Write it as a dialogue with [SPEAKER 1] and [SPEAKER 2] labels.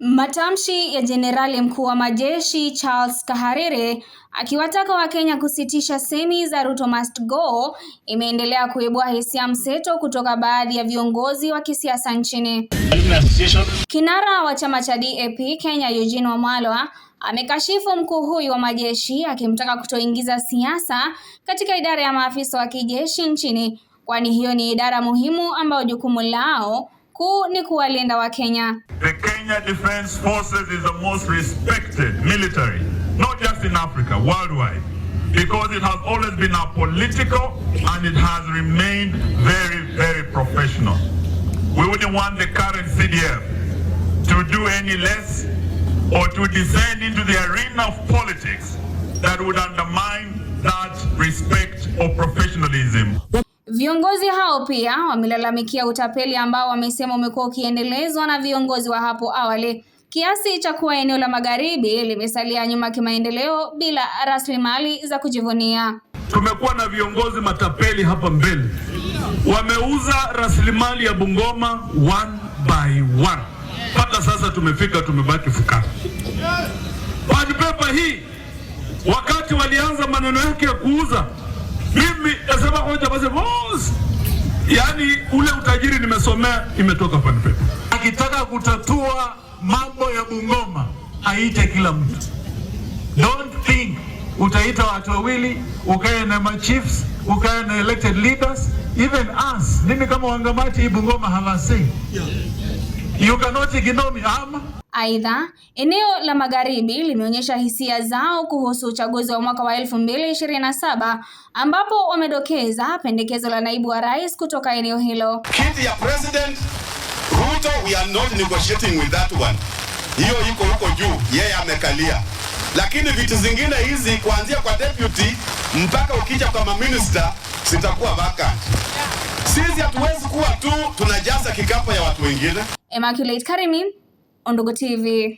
[SPEAKER 1] Matamshi ya jenerali mkuu wa majeshi Charles Kahariri akiwataka Wakenya kusitisha semi za Ruto must go imeendelea kuibua hisia mseto kutoka baadhi ya viongozi wa kisiasa nchini. Kinara wa chama cha DAP Kenya Eugene Wamalwa amekashifu mkuu huyu wa majeshi akimtaka kutoingiza siasa katika idara ya maafisa wa kijeshi nchini, kwani hiyo ni idara muhimu ambayo jukumu lao kuu ni kuwalinda Wakenya.
[SPEAKER 2] Kenya Defense Forces is the most respected military, not just in Africa, worldwide, because it has always been apolitical and it has remained very, very professional. We wouldn't want the current CDF to do any less or to descend into the arena of politics that would undermine that respect or professionalism.
[SPEAKER 1] Viongozi hao pia wamelalamikia utapeli ambao wamesema umekuwa ukiendelezwa na viongozi wa hapo awali kiasi cha kuwa eneo la magharibi limesalia nyuma kimaendeleo bila rasilimali za kujivunia.
[SPEAKER 3] Tumekuwa na viongozi matapeli hapa mbele, wameuza rasilimali ya Bungoma one by one mpaka sasa tumefika, tumebaki fukara. Pad paper hii wakati walianza maneno yake ya kuuza mimi nasema moja basi boss, yani ule utajiri nimesomea imetoka pale pepo. Akitaka kutatua mambo ya Bungoma aite kila mtu, don't think utaita watu wawili ukae na machiefs ukae na elected leaders even us. Mimi kama wangamati Bungoma hawasei, you cannot ignore me ama
[SPEAKER 1] Aidha, eneo la magharibi limeonyesha hisia zao kuhusu uchaguzi wa mwaka wa 2027 ambapo wamedokeza pendekezo la naibu wa rais kutoka eneo hilo.
[SPEAKER 4] Kiti ya President Ruto, we are not negotiating with that one. Hiyo iko huko juu, yeye amekalia, lakini vitu zingine hizi kuanzia kwa deputy mpaka ukija kwa maminista zitakuwa vacant. Sisi hatuwezi kuwa tu tunajaza kikapo ya watu wengine.
[SPEAKER 1] Immaculate Karimi Undugu TV.